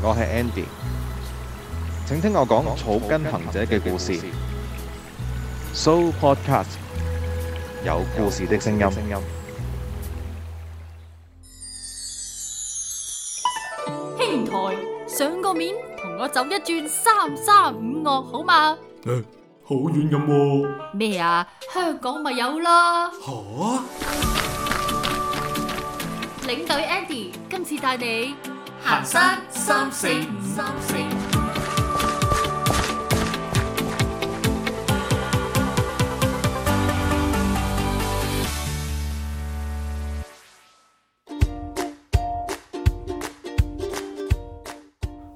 我係 Andy，請聽我講草根行者嘅故事。So Podcast，有故事的聲音。兄台，上個面同我走一轉三三五岳，好嘛？誒，好遠咁？咩啊？香港咪有啦？吓！領隊 Andy，今次帶你。行山三,三四五三四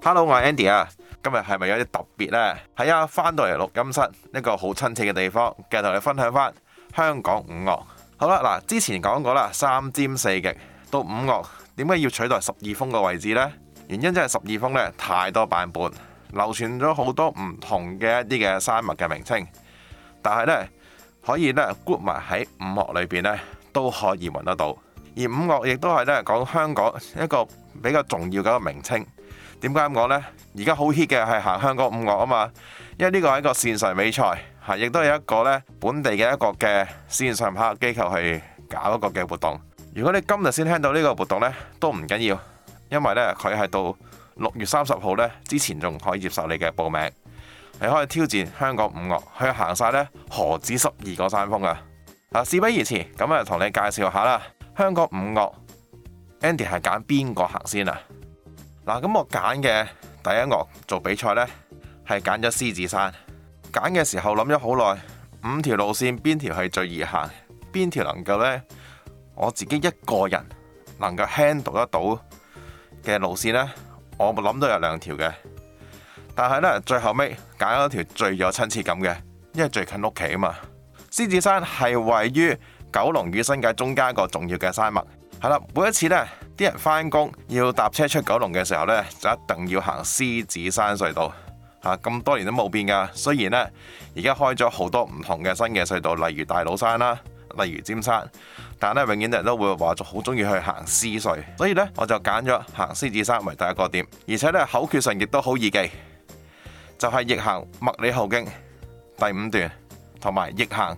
，Hello，我係 Andy 啊，今日係咪有啲特別呢？係啊，翻到嚟錄音室，一個好親切嘅地方，繼續同你分享翻香港五岳。好啦，嗱，之前講過啦，三尖四極到五岳。點解要取代十二峰嘅位置呢？原因就係十二峰呢太多版本，流傳咗好多唔同嘅一啲嘅山脈嘅名稱，但係呢，可以呢 group 埋喺五岳裏邊呢都可以揾得到。而五岳亦都係呢講香港一個比較重要嘅一個名稱。點解咁講呢？而家好 hit 嘅係行香港五岳啊嘛，因為呢個係一個線上比賽嚇，亦都係一個呢本地嘅一個嘅線上跑嘅機構去搞一個嘅活動。如果你今日先聽到呢個活動呢，都唔緊要，因為呢，佢係到六月三十號呢之前仲可以接受你嘅報名，你可以挑戰香港五岳，去行晒呢何止十二個山峰噶。嗱，事不宜遲，咁啊同你介紹下啦，香港五岳 Andy 係揀邊個行先啊？嗱，咁我揀嘅第一嶽做比賽呢，係揀咗獅子山。揀嘅時候諗咗好耐，五條路線邊條係最易行，邊條能夠呢？我自己一個人能夠 handle 得到嘅路線呢，我諗都有兩條嘅，但係呢，最後尾揀咗條最有親切感嘅，因為最近屋企啊嘛。獅子山係位於九龍與新界中間一個重要嘅山脈，係啦，每一次呢啲人返工要搭車出九龍嘅時候呢，就一定要行獅子山隧道，咁多年都冇變噶。雖然呢，而家開咗好多唔同嘅新嘅隧道，例如大老山啦。例如尖山，但咧，永遠人都會話，就好中意去行獅隧。所以咧，我就揀咗行獅子山為第一個點，而且咧，口訣上亦都好易記，就係、是、逆行麥理浩徑第五段，同埋逆行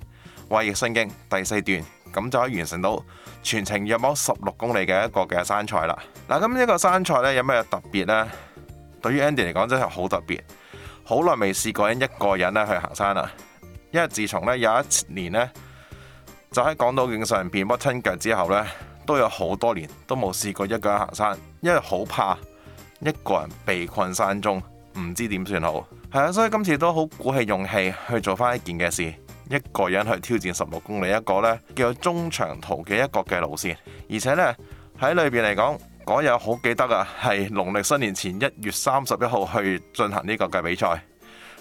衛奕信徑第四段，咁就可以完成到全程約摸十六公里嘅一個嘅山賽啦。嗱，咁呢個山賽咧，有咩特別呢？對於 Andy 嚟講真係好特別，好耐未試過一個人咧去行山啦，因為自從咧有一年呢。就喺港島徑上面屈親腳之後呢，都有好多年都冇試過一個人行山，因為好怕一個人被困山中，唔知點算好。係啊，所以今次都好鼓起勇氣去做翻一件嘅事，一個人去挑戰十六公里一個呢叫中長途嘅一個嘅路線，而且呢，喺裏邊嚟講，嗰日好記得啊，係農曆新年前一月三十一號去進行呢個嘅比賽。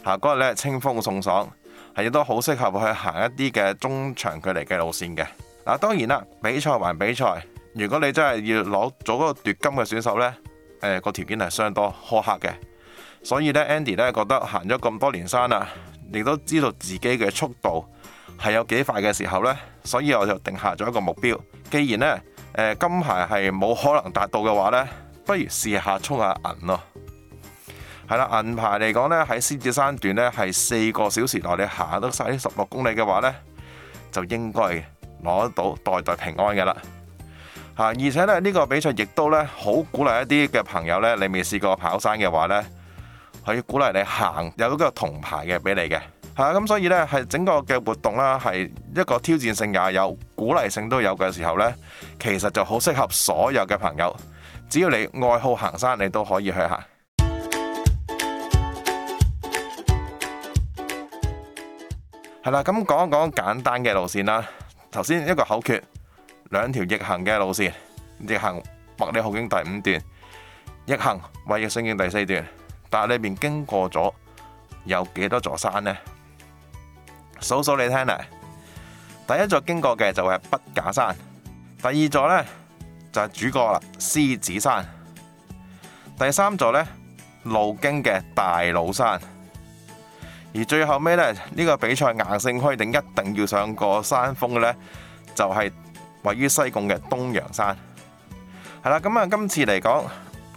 下嗰日呢，清風送爽。係亦都好適合去行一啲嘅中長距離嘅路線嘅。嗱，當然啦，比賽還比賽，如果你真係要攞咗個奪金嘅選手呢，誒、呃、個條件係相當苛刻嘅。所以呢 Andy 呢覺得行咗咁多年山啦，亦都知道自己嘅速度係有幾快嘅時候呢，所以我就定下咗一個目標。既然呢，呃、金牌係冇可能達到嘅話呢，不如試下衝下銀咯。係啦，銀牌嚟講咧，喺獅子山段咧係四個小時內你行得晒十六公里嘅話咧，就應該攞得到代代平安嘅啦。吓，而且咧呢個比賽亦都咧好鼓勵一啲嘅朋友咧，你未試過跑山嘅話咧，可以鼓勵你行有嗰個銅牌嘅俾你嘅。吓，咁所以咧係整個嘅活動啦，係一個挑戰性也有鼓勵性都有嘅時候咧，其實就好適合所有嘅朋友，只要你愛好行山，你都可以去行。係啦，咁講一講簡單嘅路線啦。頭先一個口訣，兩條逆行嘅路線，逆行麥理浩徑第五段，逆行衛奕信徑第四段。但係裏面經過咗有幾多座山呢？數數你聽啦。第一座經過嘅就係筆架山，第二座呢就係主角啦，獅子山。第三座呢，路經嘅大老山。而最後尾呢，呢、這個比賽硬性規定一定要上過山峰嘅呢，就係、是、位於西貢嘅東洋山。係啦，咁啊，今次嚟講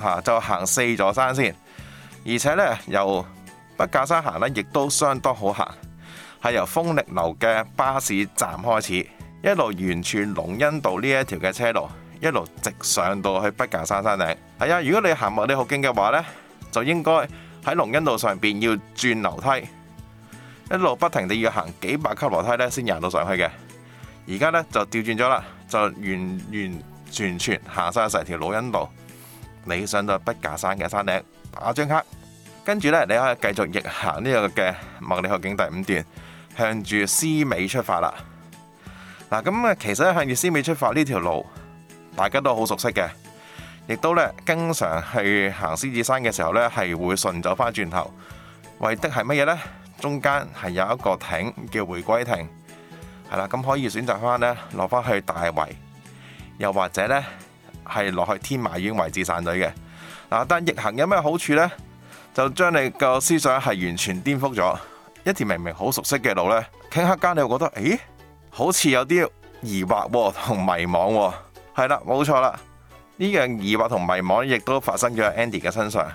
吓，就行四座山先，而且呢，由北架山行呢，亦都相當好行，係由豐力樓嘅巴士站開始，一路沿住龍恩道呢一條嘅車路，一路直上到去北架山山頂。係啊，如果你行落呢好勁嘅話呢，就應該喺龍恩道上邊要轉樓梯。一路不停地要行幾百級樓梯咧，先行到上去嘅。而家咧就調轉咗啦，就完完全全行晒成條老恩道，你上到筆架山嘅山頂打張卡，跟住咧你可以繼續逆行呢個嘅麥理浩徑第五段，向住獅尾出發啦。嗱，咁啊，其實向住獅尾出發呢條路，大家都好熟悉嘅，亦都咧經常去行獅子山嘅時候咧係會順走翻轉頭，為的係乜嘢呢？中間係有一個艇叫迴歸艇，係啦，咁可以選擇翻呢，落返去大圍，又或者呢，係落去天馬苑位置散隊嘅。但逆行有咩好處呢？就將你個思想係完全顛覆咗一條明明好熟悉嘅路呢，頃刻間你會覺得，誒，好似有啲疑惑同迷惘喎。係啦，冇錯啦，呢樣疑惑同迷惘亦都發生咗 Andy 嘅身上。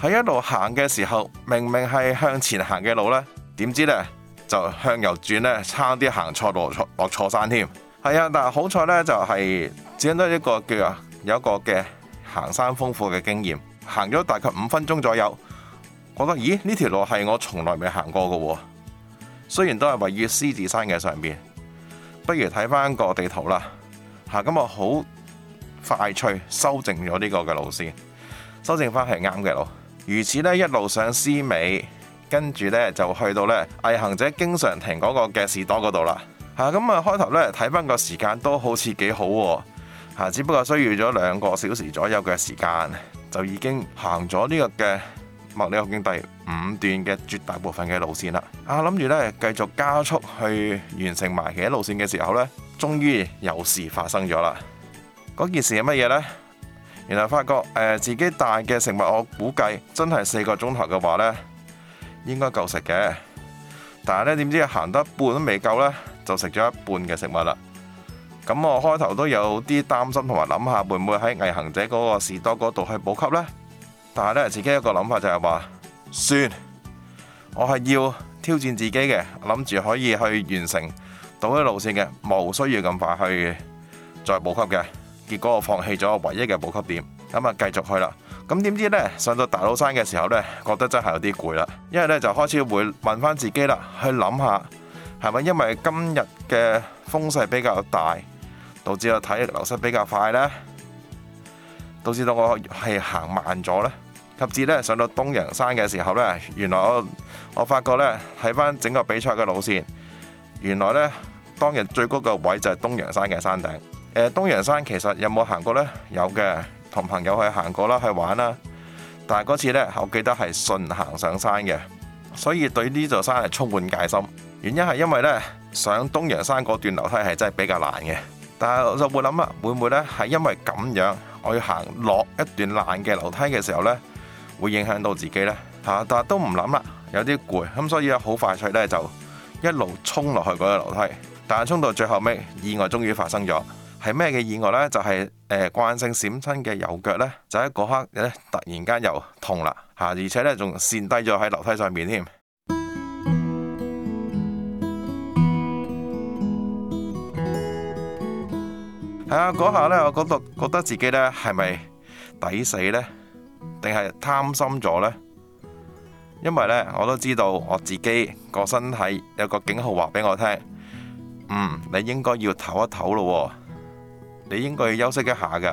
喺一路行嘅時候，明明係向前行嘅路呢，點知呢，就向右轉呢，差啲行錯落落錯山添。係啊，但係好彩呢，就係掌握一個叫啊有一個嘅行山豐富嘅經驗，行咗大概五分鐘左右，我覺得咦，呢條路係我從來未行過嘅，雖然都係位於獅子山嘅上邊，不如睇翻個地圖啦。吓、啊、咁我好快脆修正咗呢個嘅路線，修正翻係啱嘅路。如此呢，一路上思美，跟住呢，就去到呢毅行者經常停嗰個嘅士多嗰度啦。吓咁啊，開、嗯、頭呢，睇翻個時間都好似幾好喎。吓，只不過需要咗兩個小時左右嘅時間，就已經行咗呢個嘅麥理浩徑第五段嘅絕大部分嘅路線啦。啊，諗住呢，繼續加速去完成埋其他路線嘅時候呢，終於有事發生咗啦。嗰件事係乜嘢呢？然後發覺誒自己帶嘅食物，我估計真係四個鐘頭嘅話咧，應該夠食嘅。但係咧點知行得一半都未夠咧，就食咗一半嘅食物啦。咁我開頭都有啲擔心同埋諗下會唔會喺毅行者嗰個士多嗰度去補給咧？但係咧自己一個諗法就係話，算，我係要挑戰自己嘅，諗住可以去完成到呢條路線嘅，冇需要咁快去再補給嘅。結果我放棄咗唯一嘅補給點，咁啊繼續去啦。咁點知呢？上到大老山嘅時候呢，覺得真係有啲攰啦，因為呢，就開始會問翻自己啦，去諗下係咪因為今日嘅風勢比較大，導致我體力流失比較快呢，導致到我係行慢咗呢，及至呢，上到東洋山嘅時候呢，原來我我發覺呢，睇翻整個比賽嘅路綫，原來呢，當日最高嘅位就係東洋山嘅山頂。誒，東陽山其實有冇行過呢？有嘅，同朋友去行過啦，去玩啦。但係嗰次呢，我記得係順行上山嘅，所以對呢座山係充滿戒心。原因係因為呢，上東陽山嗰段樓梯係真係比較難嘅。但係我就會諗啦，會唔會呢？係因為咁樣，我要行落一段爛嘅樓梯嘅時候呢，會影響到自己呢？嚇？但係都唔諗啦，有啲攰咁，所以好快脆呢，就一路衝落去嗰個樓梯。但係衝到最後尾，意外終於發生咗。係咩嘅意外呢？就係誒慣性閃親嘅右腳呢，就喺嗰刻呢突然間又痛啦吓，而且呢仲跣低咗喺樓梯上面添。係啊，嗰下呢，我覺得覺得自己呢係咪抵死呢？定係貪心咗呢？因為呢，我都知道我自己個身體有個警號話俾我聽，嗯，你應該要唞一唞咯。你應該要休息一下噶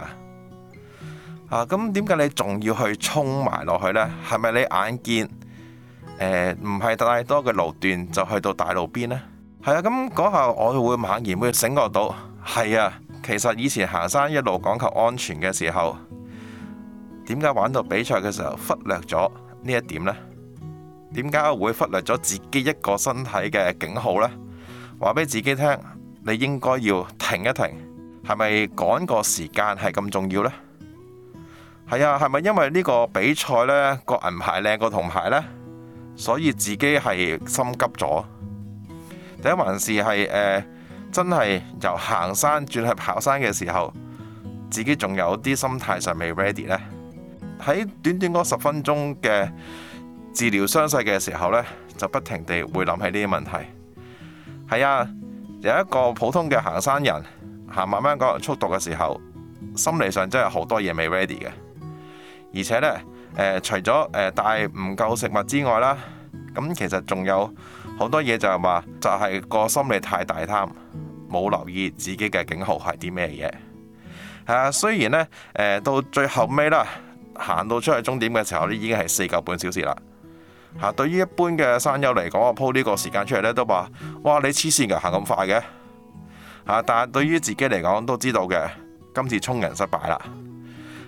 啊！咁點解你仲要去衝埋落去呢？係咪你眼見唔係、呃、太多嘅路段就去到大路邊呢？係啊，咁嗰下我會猛然會醒覺到，係啊，其實以前行山一路講求安全嘅時候，點解玩到比賽嘅時候忽略咗呢一點呢？點解會忽略咗自己一個身體嘅警號呢？話俾自己聽，你應該要停一停。係咪趕個時間係咁重要呢？係啊，係咪因為呢個比賽呢，個銀牌靚過銅牌呢，所以自己係心急咗？第一還是係、呃、真係由行山轉去跑山嘅時候，自己仲有啲心態上未 ready 呢。喺短短嗰十分鐘嘅治療傷勢嘅時候呢，就不停地會諗起呢啲問題。係啊，有一個普通嘅行山人，行慢慢嗰速度嘅時候，心理上真係好多嘢未 ready 嘅，而且呢，誒、呃，除咗誒帶唔夠食物之外啦，咁其實仲有好多嘢就係話，就係個心理太大貪，冇留意自己嘅警號係啲咩嘢。吓、啊，雖然呢，誒、呃，到最後尾啦，行到出去終點嘅時候咧，已經係四個半小時啦。吓、啊，對於一般嘅山友嚟講，我鋪呢個時間出嚟呢，都話，哇，你黐線㗎，行咁快嘅。吓，但係對於自己嚟講都知道嘅，今次衝人失敗啦，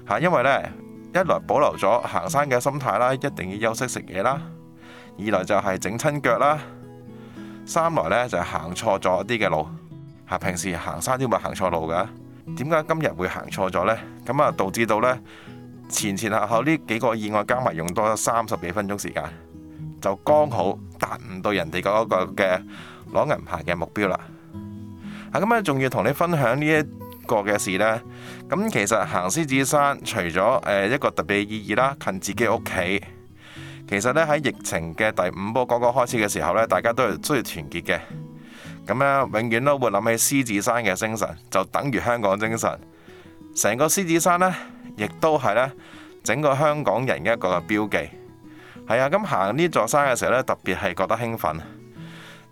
吓，因為呢，一來保留咗行山嘅心態啦，一定要休息食嘢啦；二來就係整親腳啦；三來呢，就係行錯咗啲嘅路，吓，平時行山都唔會行錯路噶，點解今日會行錯咗呢？咁啊，導致到呢前前後後呢幾個意外加埋，用多咗三十幾分鐘時間，就剛好達唔到人哋嗰個嘅攞銀牌嘅目標啦。啊咁啊，仲要同你分享呢一個嘅事呢。咁其實行獅子山，除咗誒一個特別嘅意義啦，近自己屋企。其實呢，喺疫情嘅第五波嗰個開始嘅時候呢，大家都係需要團結嘅。咁啊，永遠都會諗起獅子山嘅精神，就等於香港精神。成個獅子山呢，亦都係呢整個香港人一個嘅標記。係啊，咁行呢座山嘅時候呢，特別係覺得興奮。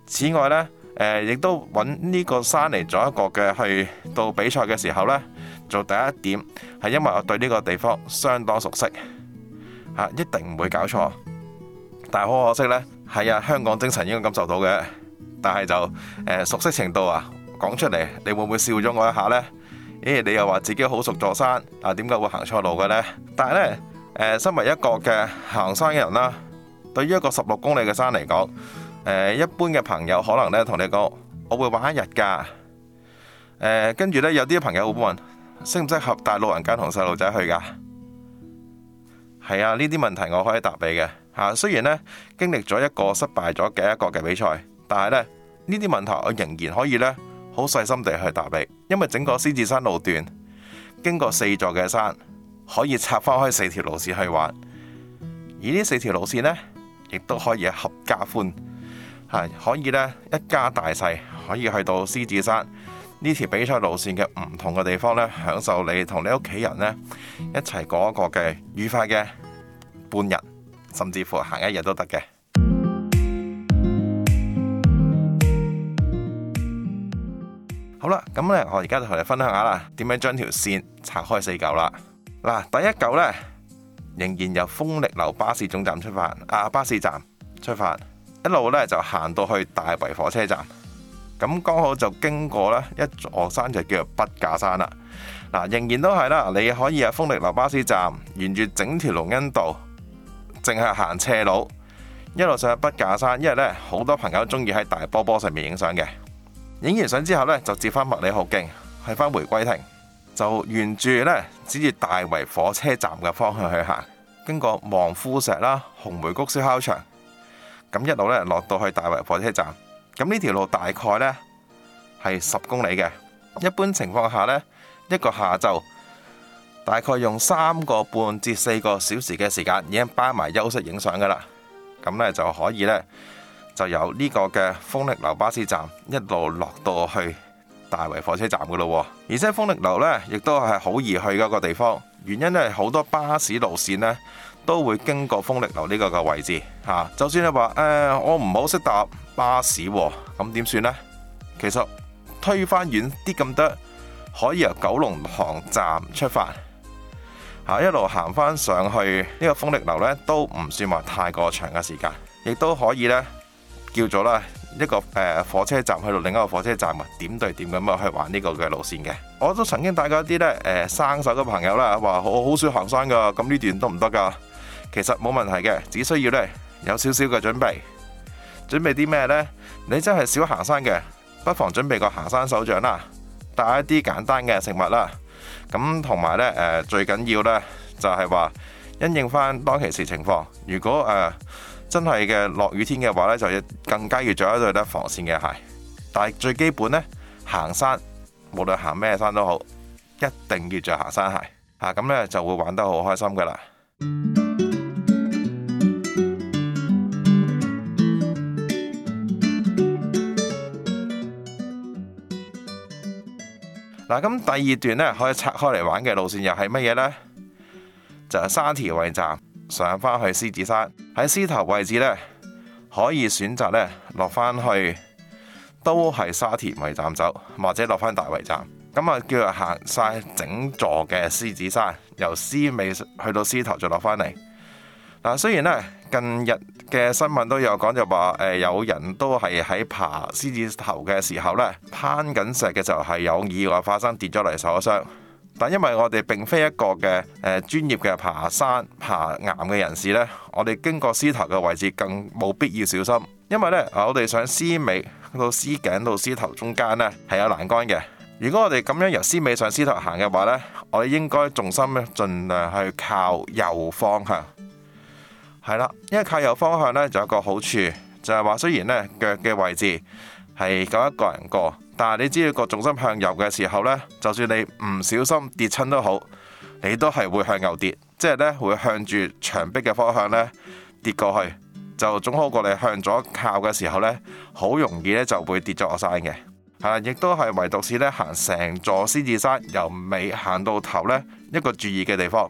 此外呢。誒，亦都揾呢個山嚟做一個嘅去到比賽嘅時候咧，做第一點係因為我對呢個地方相當熟悉，吓一定唔會搞錯。但係好可惜咧，係啊，香港精神已經感受到嘅，但係就誒熟悉程度啊，講出嚟你會唔會笑咗我一下咧？咦，你又話自己好熟座山，啊，點解會行錯路嘅咧？但係咧，誒，身為一個嘅行山嘅人啦，對於一個十六公里嘅山嚟講。呃，一般嘅朋友可能咧，同你講我會玩一日噶。跟住咧，有啲朋友會問適唔適合帶老人家同細路仔去噶？係啊，呢啲問題我可以答你嘅吓。雖然呢，經歷咗一個失敗咗嘅一個嘅比賽，但係呢，呢啲問題我仍然可以呢，好細心地去答你，因為整個獅子山路段經過四座嘅山，可以拆翻開四條路綫去玩，而呢四條路綫呢，亦都可以合家歡。係可以咧，一家大細可以去到獅子山呢條比賽路線嘅唔同嘅地方咧，享受你同你屋企人咧，一齊嗰個嘅愉快嘅半日，甚至乎行一日都得嘅。好啦，咁咧，我而家就同你分享下啦，點樣將條線拆開四嚿啦。嗱，第一嚿咧，仍然由豐力樓巴士總站出發，啊巴士站出發。一路咧就行到去大圍火車站，咁剛好就經過咧一座山就叫做筆架山啦。嗱，仍然都係啦，你可以喺風力樓巴士站沿住整條龍恩道，淨係行斜路，一路上去筆架山。因為呢好多朋友中意喺大波波上面影相嘅，影完相之後呢，就接返麥理浩徑，去返回歸亭，就沿住呢指住大圍火車站嘅方向去行，經過望夫石啦、紅梅谷燒烤場。咁一路咧落到去大圍火車站，咁呢條路大概呢係十公里嘅，一般情況下呢，一個下晝大概用三個半至四個小時嘅時間已經包埋休息影相噶啦，咁呢就可以呢，就由呢個嘅豐力樓巴士站一路落到去大圍火車站噶咯，而且豐力樓呢亦都係好易去嗰個地方，原因呢好多巴士路線呢。都會經過風力樓呢個嘅位置嚇。就算你話誒，我唔好識搭巴士咁點算呢？其實推翻遠啲咁得，可以由九龍塘站出發嚇，一路行翻上去呢個風力樓呢都唔算話太過長嘅時間，亦都可以呢叫做咧一個誒火車站去到另一個火車站啊，點對點咁去玩呢個嘅路線嘅。我都曾經帶過一啲呢誒生手嘅朋友啦，話我好少行山㗎，咁呢段都唔得㗎？其實冇問題嘅，只需要呢，有少少嘅準備，準備啲咩呢？你真係少行山嘅，不妨準備個行山手杖啦，帶一啲簡單嘅食物啦。咁同埋呢，誒、呃、最緊要呢，就係、是、話因應返當其時情況。如果誒、呃、真係嘅落雨天嘅話呢，就要更加要着一對得防濺嘅鞋。但係最基本呢，行山無論行咩山都好，一定要着行山鞋。吓咁呢就會玩得好開心噶啦。嗱，咁第二段咧可以拆開嚟玩嘅路線又係乜嘢呢？就係沙田圍站上返去獅子山，喺獅頭位置呢，可以選擇咧落返去都係沙田圍站走，或者落返大圍站，咁啊叫做行晒整座嘅獅子山，由獅尾去到獅頭再落返嚟。嗱，雖然咧近日嘅新聞都有講，就話誒有人都係喺爬獅子頭嘅時候咧，攀緊石嘅時候係有意外發生跌咗嚟受咗傷。但因為我哋並非一個嘅誒專業嘅爬山爬岩嘅人士咧，我哋經過獅頭嘅位置更冇必要小心，因為咧我哋上獅尾到獅頸到獅頭中間咧係有欄杆嘅。如果我哋咁樣由獅尾上獅頭行嘅話咧，我哋應該重心咧盡量去靠右方向。係啦，因為靠右方向咧，就有一個好處，就係話雖然咧腳嘅位置係夠一個人過，但係你知道個重心向右嘅時候咧，就算你唔小心跌親都好，你都係會向右跌，即係咧會向住牆壁嘅方向咧跌過去，就總好過你向左靠嘅時候咧，好容易咧就會跌咗落山嘅。係啦，亦都係唯獨是咧行成座獅子山由尾行到頭咧一個注意嘅地方。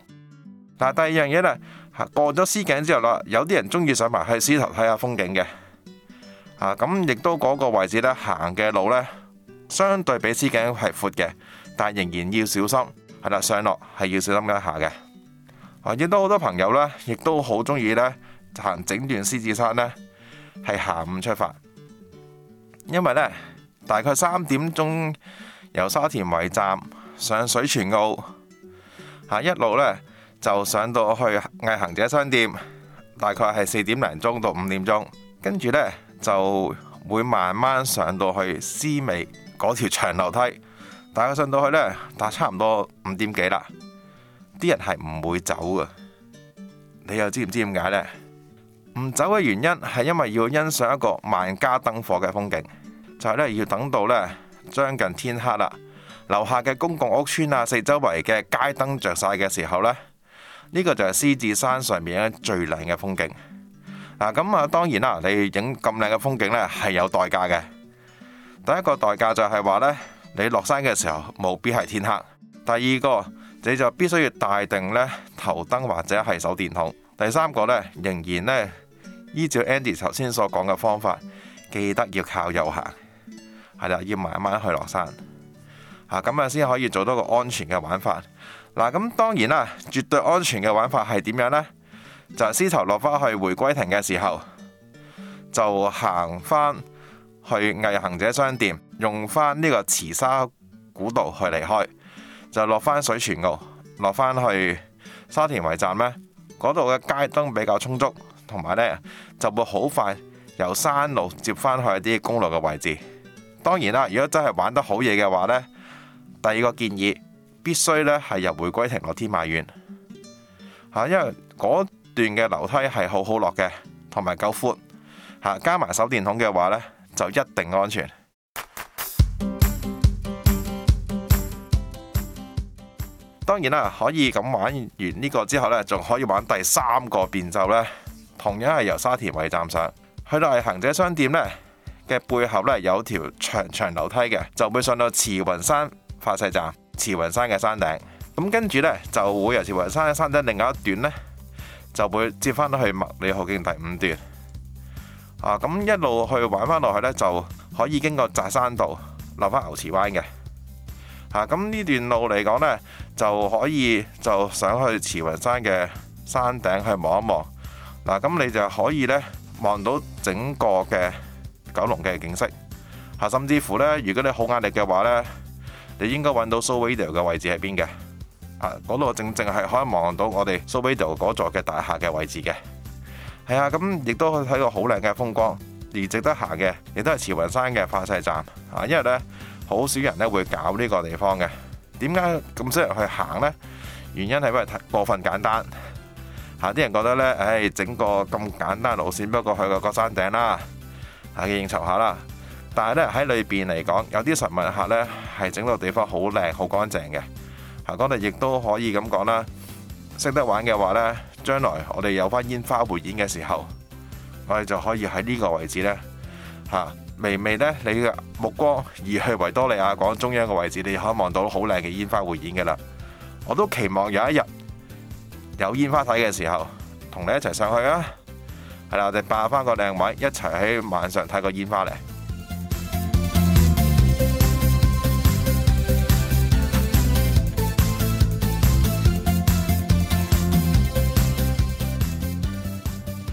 但係第二樣嘢咧。過咗獅頸之後啦，有啲人鍾意上埋去獅頭睇下風景嘅，咁、啊、亦都嗰個位置咧，行嘅路咧相對比獅頸係闊嘅，但仍然要小心，係啦，上落係要小心一下嘅。啊，亦都好多朋友咧，亦都好鍾意咧行整段獅子山咧係下午出發，因為咧大概三點鐘由沙田圍站上水泉澳，啊，一路咧。就上到去藝行者商店，大概係四點零鐘到五點鐘，跟住呢，就會慢慢上到去思美嗰條長樓梯。大概上到去呢，但係差唔多五點幾啦。啲人係唔會走噶，你又知唔知點解呢？唔走嘅原因係因為要欣賞一個萬家燈火嘅風景，就係呢，要等到呢，將近天黑啦，樓下嘅公共屋村啊，四周圍嘅街燈着晒嘅時候呢，呢個就係獅子山上面咧最靚嘅風景。嗱，咁啊，當然啦，你影咁靚嘅風景呢係有代價嘅。第一個代價就係話呢，你落山嘅時候冇必係天黑。第二個你就必須要帶定呢頭燈或者係手電筒。第三個呢，仍然呢，依照 Andy 頭先所講嘅方法，記得要靠右行，係啦，要慢慢去落山。咁啊，先可以做到個安全嘅玩法。嗱，咁當然啦，絕對安全嘅玩法係點樣呢？就係絲綢落返去回歸亭嘅時候，就行返去毅行者商店，用返呢個慈沙古道去離開，就落返水泉澳，落返去沙田圍站咧。嗰度嘅街燈比較充足，同埋呢就會好快由山路接返去一啲公路嘅位置。當然啦，如果真係玩得好嘢嘅話呢，第二個建議。必須咧係由回歸亭落天馬苑，吓，因為嗰段嘅樓梯係好好落嘅，同埋夠闊，吓，加埋手電筒嘅話呢，就一定安全。當然啦，可以咁玩完呢個之後呢，仲可以玩第三個變奏呢。同樣係由沙田圍站上，去到異行者商店呢嘅背後呢，有條長長樓梯嘅，就會上到慈雲山發射站。慈雲山嘅山頂，咁跟住呢就會由慈雲山嘅山頂，另外一段呢就會接返去麥理浩徑第五段，啊，咁一路去玩返落去呢，就可以經過扎山道，落返牛池灣嘅，咁呢段路嚟講呢，就可以就想去慈雲山嘅山頂去望一望，嗱，咁你就可以呢望到整個嘅九龍嘅景色，啊，甚至乎呢，如果你好眼力嘅話呢。你應該揾到 Souvenir 嘅位置喺邊嘅，啊，嗰度正正係可以望到我哋 Souvenir 嗰座嘅大廈嘅位置嘅，係啊，咁亦都可以睇到好靚嘅風光，而值得行嘅亦都係慈雲山嘅發射站，啊，因為呢，好少人咧會搞呢個地方嘅，點解咁少人去行呢？原因係因為太過分簡單，吓、啊、啲人們覺得呢，唉、哎，整個咁簡單路線，不過去個個山頂啦、啊，啊、記下吓，應酬下啦。但係咧喺裏邊嚟講，有啲實物客咧係整個地方好靚、好乾淨嘅嚇。我哋亦都可以咁講啦，識得玩嘅話咧，將來我哋有返煙花匯演嘅時候，我哋就可以喺呢個位置咧嚇微微咧你嘅目光移去維多利亞港中央嘅位置，你可以望到好靚嘅煙花匯演嘅啦。我都期望有一日有煙花睇嘅時候，同你一齊上去啊！係啦，我哋霸返個靚位，一齊喺晚上睇個煙花咧～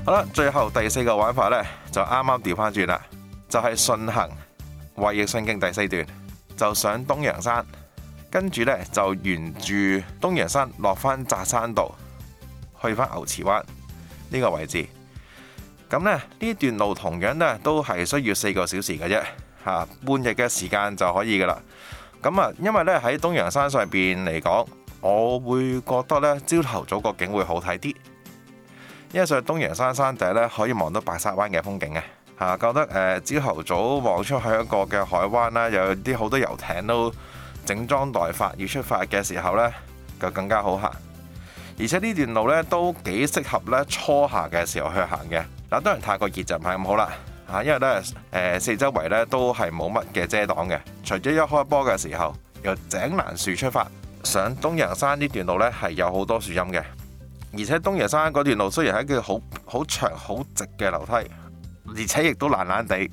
好啦，最後第四個玩法呢，就啱啱調翻轉啦，就係、是、順行《衛奕信徑》第四段，就上東洋山，跟住呢，就沿住東洋山落翻扎山道，去翻牛池灣呢、這個位置。咁呢，呢段路同樣呢，都係需要四個小時嘅啫，吓、啊、半日嘅時間就可以噶啦。咁啊，因為呢，喺東洋山上邊嚟講，我會覺得呢，朝頭早個景會好睇啲。因為上去東陽山山頂咧，可以望到白沙灣嘅風景嘅，吓，覺得誒，朝頭早望出去一個嘅海灣啦，有啲好多遊艇都整裝待發要出發嘅時候呢，就更加好行。而且呢段路呢，都幾適合咧，初夏嘅時候去行嘅，嗱，當然太過熱就唔係咁好啦，吓，因為呢，誒、呃、四周圍咧都係冇乜嘅遮擋嘅，除咗一開波嘅時候由井欄樹出發上東陽山呢段路呢，係有好多樹蔭嘅。而且東陽山嗰段路雖然係一個好好長好直嘅樓梯，而且亦都懶懶地，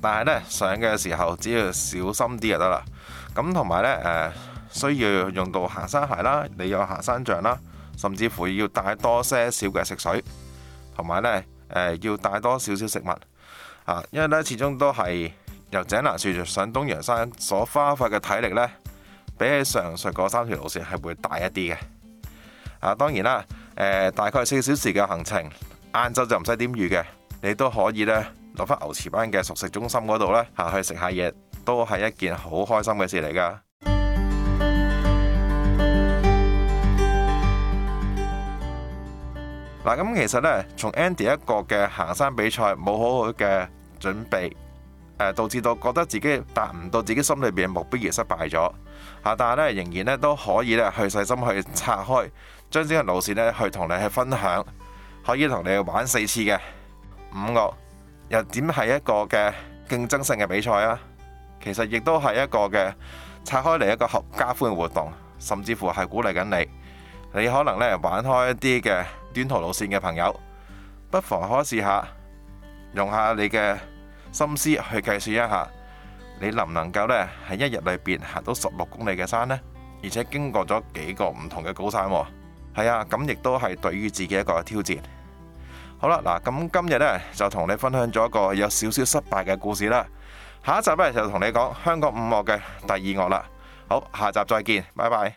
但係呢上嘅時候只要小心啲就得啦。咁同埋呢，誒、呃，需要用到行山鞋啦，你有行山杖啦，甚至乎要帶多些少嘅食水，同埋呢誒、呃、要帶多少少食物啊，因為呢始終都係由井欄樹上東陽山所花費嘅體力呢，比起上述嗰三條路線係會大一啲嘅啊。當然啦～大概四小時嘅行程，晏晝就唔使點預嘅，你都可以呢，攞返牛池灣嘅熟食中心嗰度呢，吓去食下嘢，都係一件好開心嘅事嚟噶。嗱、嗯，咁其實呢，從 Andy 一個嘅行山比賽冇好好嘅準備，誒，導致到覺得自己達唔到自己心裏邊嘅目標而失敗咗，啊，但係呢，仍然咧都可以呢，去細心去拆開。將呢條路線咧，去同你去分享，可以同你去玩四次嘅五個又點係一個嘅競爭性嘅比賽啊？其實亦都係一個嘅拆開嚟一個合家歡嘅活動，甚至乎係鼓勵緊你。你可能呢玩開一啲嘅短途路，路線嘅朋友，不妨可試下用下你嘅心思去計算一下，你能唔能夠呢喺一日裏邊行到十六公里嘅山呢？而且經過咗幾個唔同嘅高山喎？係啊，咁亦都係對於自己一個挑戰好了。好啦，嗱，咁今日呢，就同你分享咗一個有少少失敗嘅故事啦。下一集呢，就同你講香港五樂嘅第二樂啦。好，下集再見，拜拜。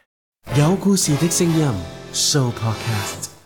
有故事的聲音 Show Podcast。